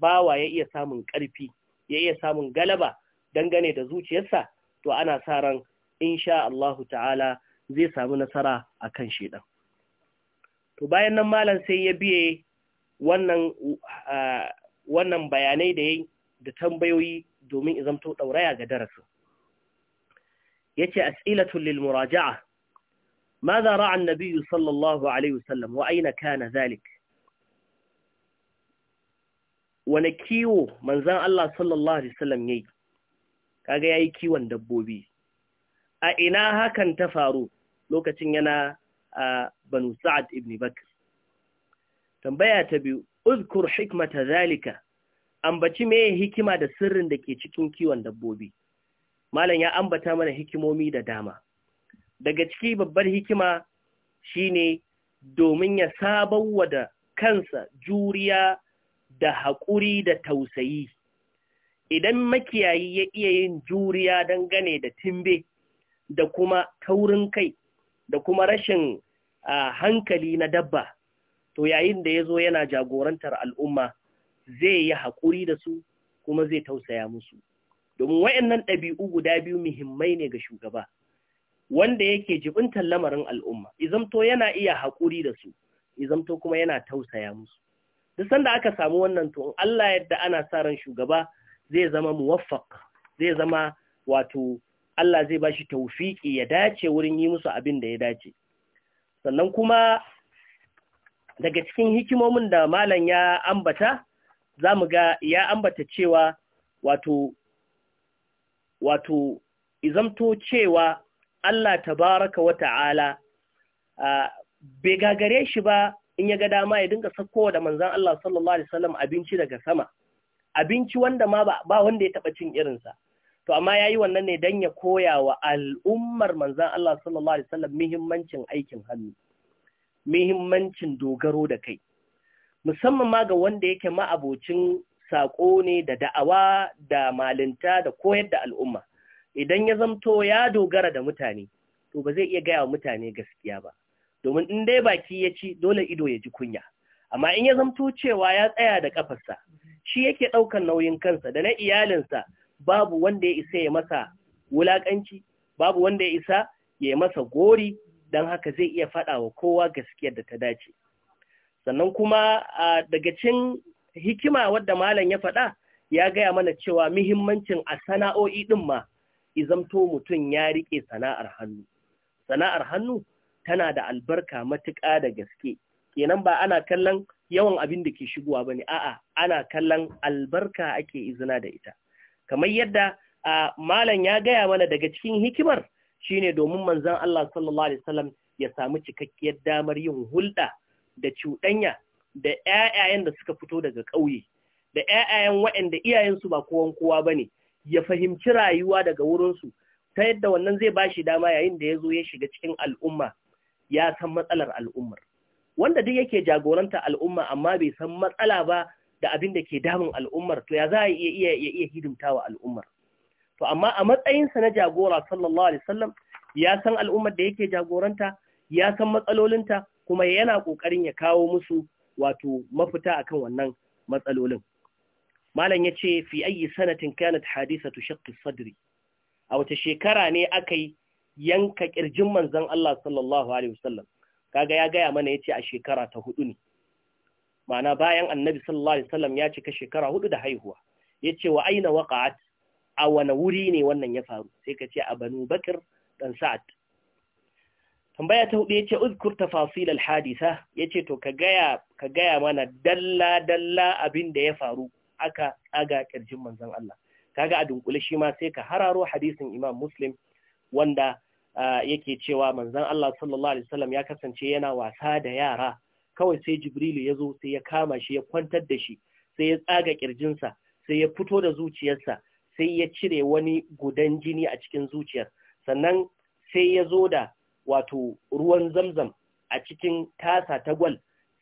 A: bawa ya iya samun ƙarfi ya iya samun galaba dangane da zuciyarsa to ana sa ran insha Allahu ta'ala zai samu nasara akan shedan to bayan nan malam sai ya biye wannan uh, wannan bayanai da yayi da tambayoyi domin izamto ɗauraya ga darasin yace as'ilatul lil muraja'a ماذا رأى النبي صلى alaihi عليه وسلم وأين كان ذلك ونكيو من زان الله صلى الله عليه وسلم يي kaga yayi kiwon dabbobi a ina hakan ta faru lokacin yana a Banu Sa'ad ibn Bakr tambaya ta biyu uzkur hikmata zalika ambaci me hikima da sirrin da ke cikin kiwon dabbobi malam ya ambata mana hikimomi da dama daga ciki babbar hikima shine domin ya sabawa da kansa juriya da haƙuri da tausayi idan makiyayi ya iya yin juriya dangane da timbe da kuma taurin kai da kuma rashin ah, hankali na dabba to yayin da ya zo yana jagorantar al'umma zai yi haƙuri da su kuma zai tausaya musu domin wayannan ɗabi'u guda biyu muhimmai ne ga shugaba wanda yake jibintar lamarin al'umma izamto yana iya haƙuri da su izamto kuma yana tausaya musu duk sanda aka samu wannan to Allah yadda ana sa ran shugaba zai zama muwaffaq zai zama wato Allah zai bashi tawfiki ya dace wurin yi musu abin da ya dace sannan kuma daga cikin hikimomin da malam ya ambata za mu ga ya ambata cewa wato wato izamto cewa Allah tabaraka wa ta'ala bai gagare shi ba in ya ga dama ya dinga sakko da manzan Allah sallallahu Alaihi wasallam abinci daga sama abinci wanda ma ba wanda ya taɓa cin irinsa to amma ya yi wannan ne don ya koya wa al'ummar manzan Allah sallallahu Alaihi wasallam muhimmancin aikin hannu muhimmancin dogaro da kai musamman ma ga wanda yake ma'abocin saƙo ne da da'awa da malinta da koyar da al'umma idan ya zamto ya dogara da mutane to ba zai iya gaya wa mutane gaskiya ba domin in dai baki ya ci dole ido ya ji kunya amma in ya zamto cewa ya tsaya da ƙafarsa, shi yake ɗaukar nauyin kansa da na iyalinsa babu wanda ya isa ya masa wulaƙanci babu wanda ya isa ya masa gori don haka zai iya faɗa wa kowa gaskiyar da ta dace sannan kuma daga cin hikima wadda malam ya faɗa ya gaya mana cewa muhimmancin a sana'o'i ɗin ma izamto mutum ya riƙe sana'ar hannu sana'ar hannu tana da albarka matuƙa da gaske kenan ba ana kallon yawan abin da ke shigowa ba ne a'a ana kallon albarka ake izina da ita kamar yadda malam ya gaya mana daga cikin hikimar shine domin manzon Allah sallallahu alaihi wasallam ya samu cikakkiyar damar yin hulɗa da cuɗanya da 'ya'ya'yan da suka fito daga ƙauye da ƴaƴayen waɗanda iyayensu ba kowan kowa bane ya fahimci rayuwa daga wurinsu ta yadda wannan zai ba shi dama yayin da ya zo ya shiga cikin al'umma ya san matsalar al'ummar wanda duk yake jagoranta al'umma amma bai san matsala ba da abin da ke damun al'ummar to ya za a iya iya hidimta wa al'ummar to amma a matsayinsa na jagora sallallahu alaihi wasallam ya san al'ummar da yake jagoranta ya san matsalolinta kuma yana kokarin ya kawo musu wato mafita akan wannan matsalolin malam yace fi ayi sanatin kanat hadisatu shaqqi sadri a wata shekara ne akai yanka kirjin manzon Allah sallallahu alaihi wasallam kaga ya gaya mana yace a shekara ta hudu ne ma'ana bayan annabi sallallahu alaihi wasallam ya cika shekara hudu da haihuwa yace wa aina waqa'at a wane wuri ne wannan ya faru sai ka ce a banu bakar dan sa'ad tambaya ta hudu yace uzkur tafasil al hadisa yace to ka gaya ka gaya mana dalla dalla abin da ya faru aka tsaga kirjin manzon Allah kaga a dunkule shi ma sai ka hararo hadisin Imam Muslim wanda yake cewa manzon Allah sallallahu alaihi wasallam ya kasance yana wasa da yara kawai sai Jibrilu ya zo sai ya kama shi ya kwantar da shi sai ya tsaga kirjinsa sai ya fito da zuciyarsa sai ya cire wani gudan jini a cikin zuciyar sannan sai ya zo da wato ruwan zamzam a cikin tasa ta gwal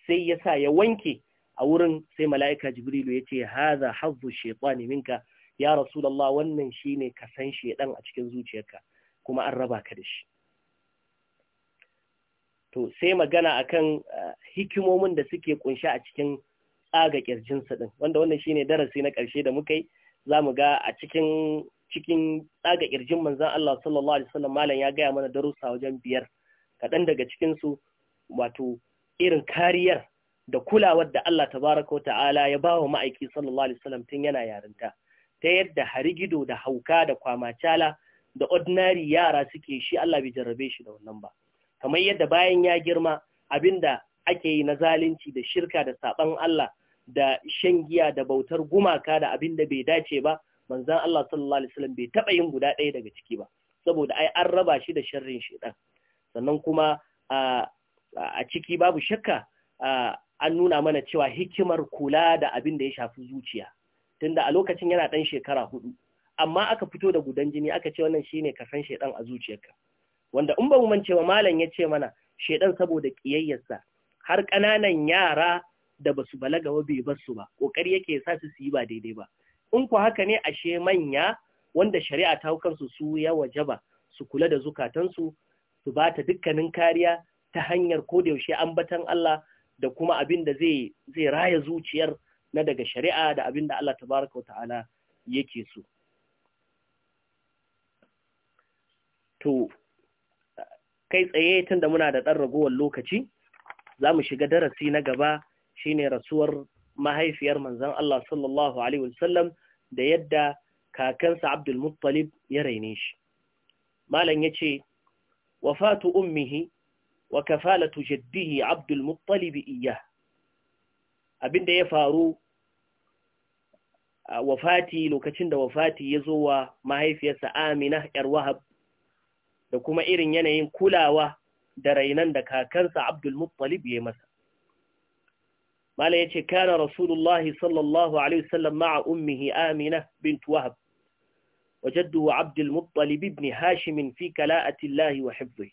A: sai ya sa ya wanke a wurin sai mala'ika jibrilu ya ce haza hazu shaitani minka ya rasulullah wannan ne ka san shaidan a cikin zuciyarka kuma an raba ka da shi to sai magana akan eh, hikimomin da suke kunshi a cikin tsaga kirjinsa din wanda wannan shi ne darasi na ƙarshe da muka yi za mu ga a cikin cikin tsaga kirjin manzan Allah sallallahu Alaihi wasallam malam ya gaya mana darussa wajen biyar kaɗan daga cikinsu wato irin kariyar da kulawar da Allah tabaraka wa ta'ala ya ba wa ma'aiki sallallahu Alaihi wasallam tun yana yarinta ta yadda harigido da hauka da kwamacala da ordinary yara suke shi Allah bai jarrabe shi da wannan ba kamar yadda bayan ya girma abinda ake yi na zalunci da shirka da saɓan Allah da shan giya da bautar gumaka da abin da bai dace ba manzan Allah sallallahu alaihi wasallam bai taɓa yin guda ɗaya daga ciki ba saboda ai an raba shi da sharrin shaitan sannan kuma a ciki babu shakka an nuna mana cewa hikimar kula da abin da ya shafi zuciya tunda a lokacin yana dan shekara hudu amma aka fito da gudan jini aka ce wannan shine kasan shaiɗan a zuciyarka wanda in ba mu mance malam ya ce mana Shaiɗan saboda kiyayyarsa har ƙananan yara da basu balaga ba bai basu ba kokari yake sa su su yi ba daidai ba in ku haka ne ashe manya wanda shari'a ta hukan su ya wajaba su kula da zukatansu su ba ta dukkanin kariya ta hanyar ko yaushe ambatan Allah da kuma abin da zai zai raya zuciyar na daga shari'a da abin da Allah tabaraka wa ta'ala yake so to kai tsaye tunda muna da ɗan ragowar lokaci za mu shiga darasi na gaba shine rasuwar mahaifiyar manzon Allah sallallahu alaihi wasallam da yadda kakansa Abdul Muttalib ya raine shi malam yace wafatu ummihi wa kafalatu jaddihi Abdul Muttalib iyya abinda ya faru wafati lokacin da wafati ya zo wa mahaifiyarsa Amina ‘yar Wahab da kuma irin yanayin kulawa da rainan da kakansa Abdul Muttalib ya masa. كان رسول الله صلى الله عليه وسلم مع أمه آمنة بنت وهب وجده عبد المطلب بن هاشم في كلاءة الله وحفظه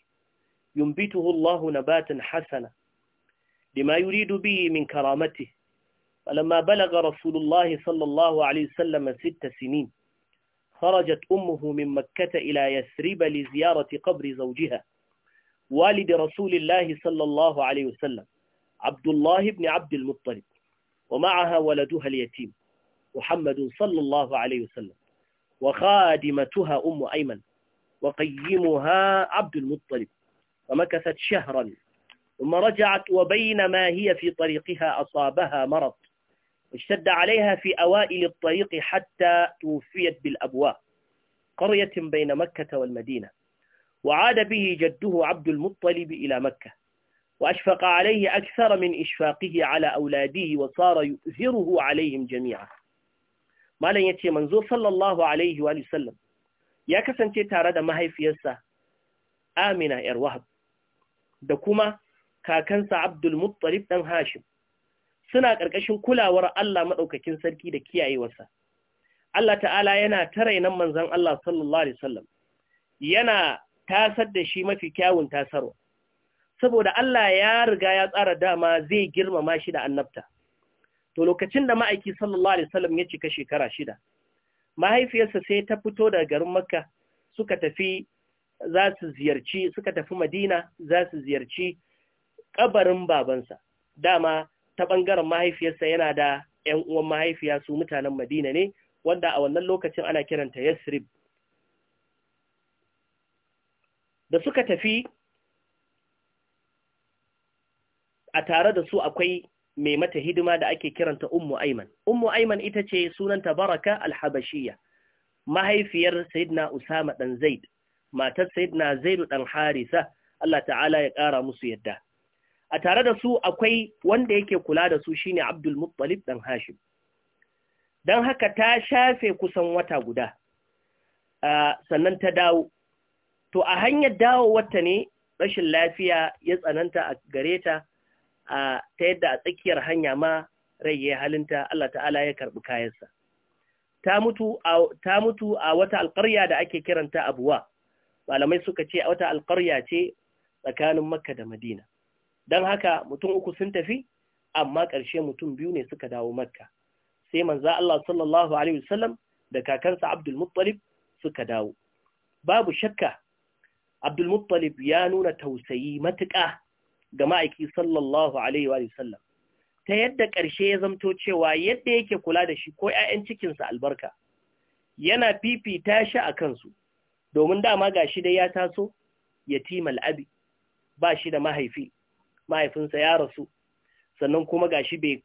A: ينبته الله نباتا حسنا لما يريد به من كرامته فلما بلغ رسول الله صلى الله عليه وسلم ست سنين خرجت أمه من مكة إلى يثرب لزيارة قبر زوجها والد رسول الله صلى الله عليه وسلم عبد الله بن عبد المطلب ومعها ولدها اليتيم محمد صلى الله عليه وسلم وخادمتها أم أيمن وقيمها عبد المطلب ومكثت شهرا ثم رجعت وبينما هي في طريقها أصابها مرض اشتد عليها في أوائل الطريق حتى توفيت بالأبواء قرية بين مكة والمدينة وعاد به جده عبد المطلب إلى مكة وأشفق عليه أكثر من إشفاقه على أولاده وصار يؤثره عليهم جميعا ما لن يتي منزو صلى الله عليه وآله وسلم يا كسن تارد ما هي فيسا آمنة إروهب دكما كاكنس عبد المطلب دم هاشم suna ƙarƙashin kulawar Allah maɗaukakin sarki da kiyayewarsa. Allah ta'ala yana raina manzan Allah sallallahu Alaihi wasallam yana tasar da shi mafi kyawun tasarwa. saboda Allah ya riga ya tsara dama zai girmama shi da annabta. To lokacin da ma'aiki sallallahu Alaihi wasallam ya cika shekara shida, mahaifiyarsa sai ta fito da garin Makka suka tafi za su ziyarci, suka tafi Madina za su ziyarci ƙabarin babansa. Dama ta ɓangaren mahaifiyarsa yana da ‘yan uwan mahaifiya su mutanen Madina ne, wanda a wannan lokacin ana kiranta Yasrib. Da suka tafi a tare da su akwai mai mata hidima da ake kiranta Ummu Aiman. Ummu Aiman ita ce sunanta Baraka al-Habashiyya, mahaifiyar Sayyidina Usama Ɗan Zaid, matar Sayyidina Zaidu Ɗan Harisa, Allah ta'ala ya ƙara musu yadda. A tare da su akwai wanda yake kula da su shine Abdul Muttalib Ɗan Hashim. Don haka ta shafe kusan wata guda, sannan ta dawo. To a hanyar dawo wata ne rashin lafiya ya tsananta a gare ta, a ta yadda a tsakiyar hanya ma rai ya halinta Allah ta'ala ya karɓi kayansa ta mutu a wata alƙarya da ake kiranta abuwa malamai suka ce a wata alƙarya ce tsakanin makka da madina don haka mutum uku sun tafi amma ƙarshe mutum biyu ne suka dawo makka sai manza Allah sallallahu alaihi wasallam da kakansa Abdul suka dawo babu shakka abdulmuttalib ya nuna tausayi matuƙa ga ma'aiki sallallahu alaihi wa sallam ta yadda ƙarshe ya zamto cewa yadda yake kula da shi ko ‘ya'yan cikinsa albarka yana fifita shi a kansu domin dama ga shi da ya taso yatim al'abi ba shi da mahaifi mahaifinsa ya rasu sannan kuma ga shi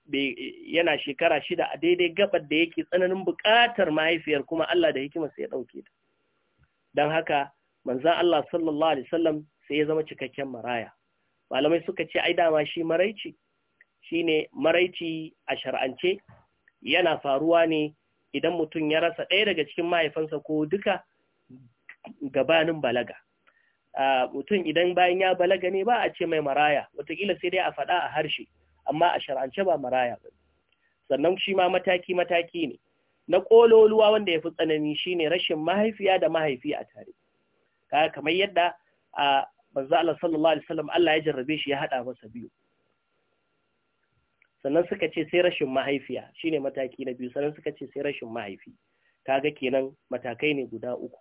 A: yana shekara shida a daidai gabar da yake tsananin buƙatar mahaifiyar kuma Allah da hikimarsa ya ɗauke ta don haka manzan Allah sallallahu alaihi wasallam sai ya zama cikakken maraya malamai suka ce ai dama shi maraici shine maraici a shar'ance yana faruwa ne idan mutum ya rasa ɗaya daga cikin mahaifansa ko duka gabanin balaga mutum idan bayan ya balaga ne ba a ce mai maraya watakila sai dai a faɗa a harshe amma a shar'ance ba maraya ba sannan shi ma mataki-mataki ne na ƙololuwa wanda ya fi tsanani shine rashin mahaifiya da mahaifi a tare kamar yadda a manzo Allah sallallahu alaihi wasallam Allah ya jarrabe shi ya hada masa biyu sannan suka ce sai rashin mahaifiya shine mataki na biyu sannan suka ce sai rashin mahaifi kaga kenan matakai ne guda uku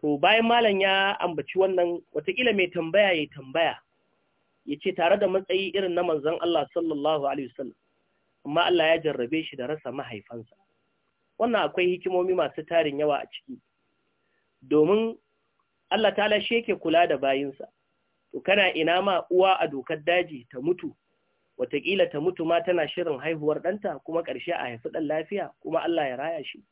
A: to bayan malam ya ambaci wannan watakila mai tambaya ya tambaya ya ce tare da matsayi irin na manzon Allah sallallahu alaihi wasallam amma Allah ya jarrabe shi da rasa mahaifansa wannan akwai hikimomi masu tarin yawa a ciki domin Allah Ta lashe yake kula da bayinsa to kana ina ma uwa a dokar daji ta mutu wataƙila ta mutu ma tana shirin haihuwar ɗanta kuma ƙarshe a haifi ɗan lafiya kuma Allah ya raya shi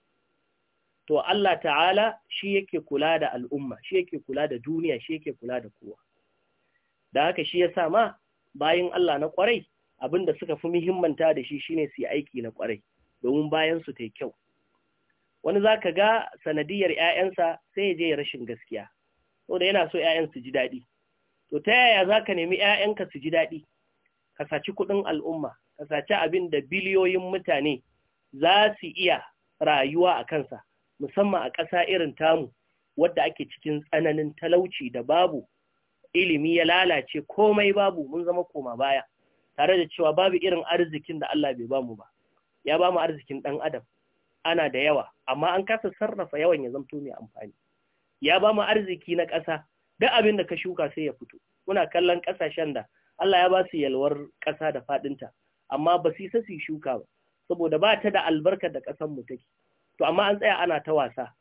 A: to Allah ta'ala shi yake kula da al'umma shi yake kula da duniya shi yake kula da kowa da haka shi ya sa ma bayan Allah na kwarai da suka fi muhimmanta da shi shine su yi aiki na ƙwarai, domin bayan su yi kyau wani za ka ga sanadiyar 'ya'yansa sai ya je rashin gaskiya saboda yana so ‘ya'yan su ji daɗi. To ta yaya za ka nemi ‘ya'yanka su ji daɗi? Ka saci kuɗin al'umma, ka saci abin da biliyoyin mutane za su iya rayuwa a kansa, musamman a ƙasa irin tamu, wadda ake cikin tsananin talauci da babu, ilimi ya lalace komai babu mun zama koma baya, tare da cewa babu irin arzikin da Allah bai bamu ba, ya bamu arzikin ɗan adam, ana da yawa, amma an kasa sarrafa yawan ya zamto mai amfani. ya ba mu arziki na ƙasa duk abin da ka shuka sai ya fito muna kallon ƙasashen da Allah ya ba su yalwar ƙasa da faɗinta amma ba su yi su shuka ba saboda ba ta da albarka da ƙasar mu take to amma an tsaya ana ta wasa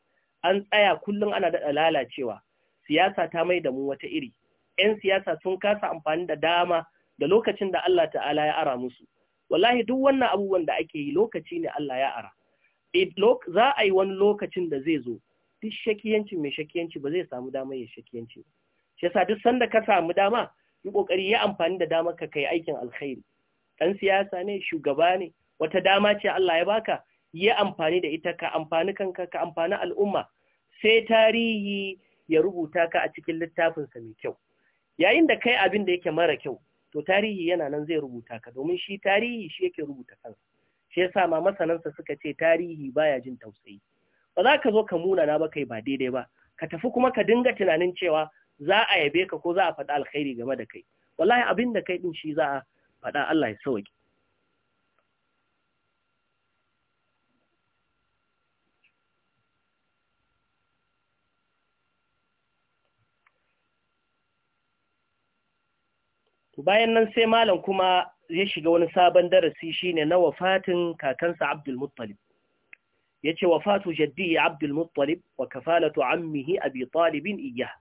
A: an tsaya kullum ana da lalacewa siyasa ta mai da mu wata iri 'yan siyasa sun kasa amfani da dama da lokacin da Allah ta'ala ya ara musu wallahi duk wannan abubuwan da ake yi lokaci ne Allah ya ara za a yi wani lokacin da zai zo duk shakiyanci mai shakiyanci ba zai samu dama ya shakiyanci ba shi yasa duk sanda ka samu dama yi kokari ya amfani da damar ka kai aikin alkhairi dan siyasa ne shugaba ne wata dama ce Allah ya baka yi amfani da ita ka amfani kanka ka amfani al'umma sai tarihi ya rubuta ka a cikin littafinsa mai kyau yayin da kai abin da yake mara kyau to tarihi yana nan zai rubuta ka domin shi tarihi shi yake rubuta kansa shi yasa ma masanansa suka ce tarihi baya jin tausayi ba za ka zo ka muna na ba kai ba daidai ba ka tafi kuma ka dinga tunanin cewa za a yabe ka ko za a faɗa alkhairi game da kai wallahi abin da kai din shi za a faɗa Allah ya sauke bayan nan sai malam kuma ya shiga wani sabon darasi shine na wafatin kakansa Abdul Muttalib يتشي وفاة جده عبد المطلب وكفالة عمه أبي طالب إياه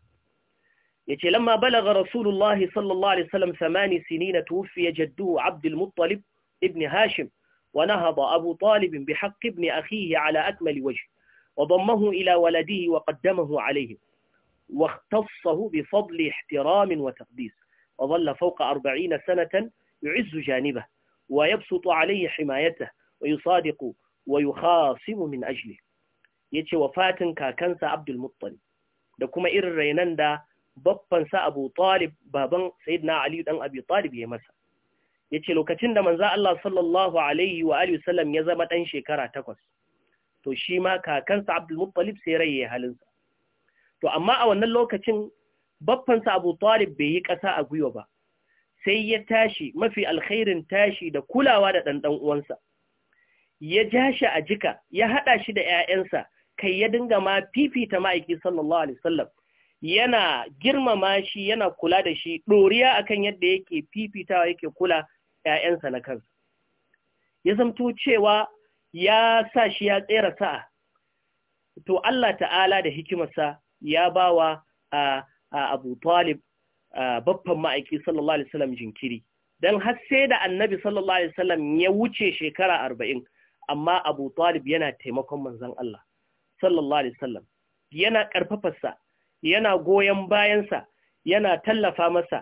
A: يتشي لما بلغ رسول الله صلى الله عليه وسلم ثمان سنين توفي جده عبد المطلب ابن هاشم ونهض أبو طالب بحق ابن أخيه على أكمل وجه وضمه إلى ولده وقدمه عليه واختصه بفضل احترام وتقديس وظل فوق أربعين سنة يعز جانبه ويبسط عليه حمايته ويصادق wa yukhasimu min ajli yace wafatin kakansa Abdul Muttalib da kuma irin rainan da babbansa Abu Talib baban Sayyidina Ali dan Abu Talib ya masa yace lokacin da manza Allah sallallahu alaihi wa alihi wasallam ya zama dan shekara takwas to shi ma kakansa Abdul Muttalib sai raye halinsa to amma a wannan lokacin babbansa Abu Talib bai yi ƙasa a gwiwa ba sai ya tashi mafi alkhairin tashi da kulawa da ɗanɗan uwansa ya ja shi a jika ya haɗa shi da ‘ya'yansa kai ya dinga ma fifita ma'aiki sallallahu alaihi wasallam yana girmama shi yana kula da shi ɗoriya akan yadda yake fifitawa yake kula ‘ya'yansa na kansa ya zamto cewa ya sa shi ya tsera sa'a to Allah ta'ala da hikimarsa ya bawa a Abu Talib babban ma'aiki sallallahu alaihi wasallam jinkiri Don har sai da annabi sallallahu alaihi wasallam ya wuce shekara arba'in amma Abu Talib yana taimakon manzon Allah sallallahu alaihi wasallam yana karfafarsa yana goyon bayansa yana tallafa masa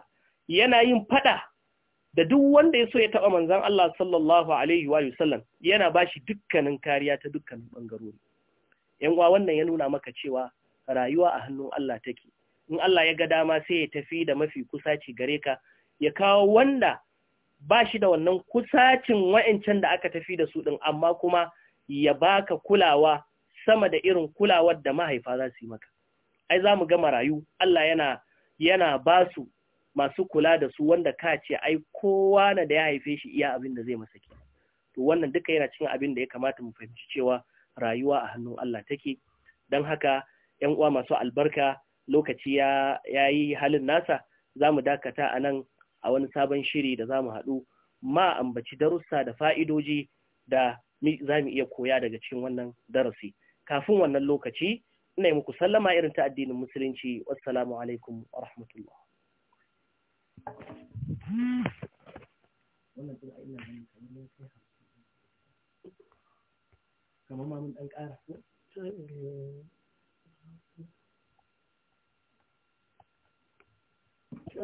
A: yana yin fada da duk wanda ya so ya taba manzon Allah sallallahu alaihi wa sallam yana bashi dukkanin kariya ta dukkanin bangarori yan uwa wannan ya nuna maka cewa rayuwa a hannun Allah take in Allah ya ga dama sai ya tafi da mafi kusaci gare ka ya kawo wanda ba shi da wannan kusacin wa'incan da aka tafi da su ɗin amma kuma ya baka kulawa sama da irin kulawar da mahaifa za su yi maka. Ai za mu gama rayu. Allah yana, yana ba su masu kula da su wanda ka ce ai kowa na da ya haife shi iya abin da zai masa To wannan duka yana cin abin da ya kamata mu fahimci cewa rayuwa a hannun Allah take. Don haka, ‘yan uwa masu albarka lokaci ya yi halin nasa, za mu dakata a nan a wani sabon shiri da za mu haɗu ma ambaci darussa da fa'idoji da za mu iya koya daga cikin wannan darasi. Kafin wannan lokaci, ina yi muku sallama irin ta addinin Musulunci, wassalamu alaikum wa rahmatullah. Kamar ma ɗan ƙara eh,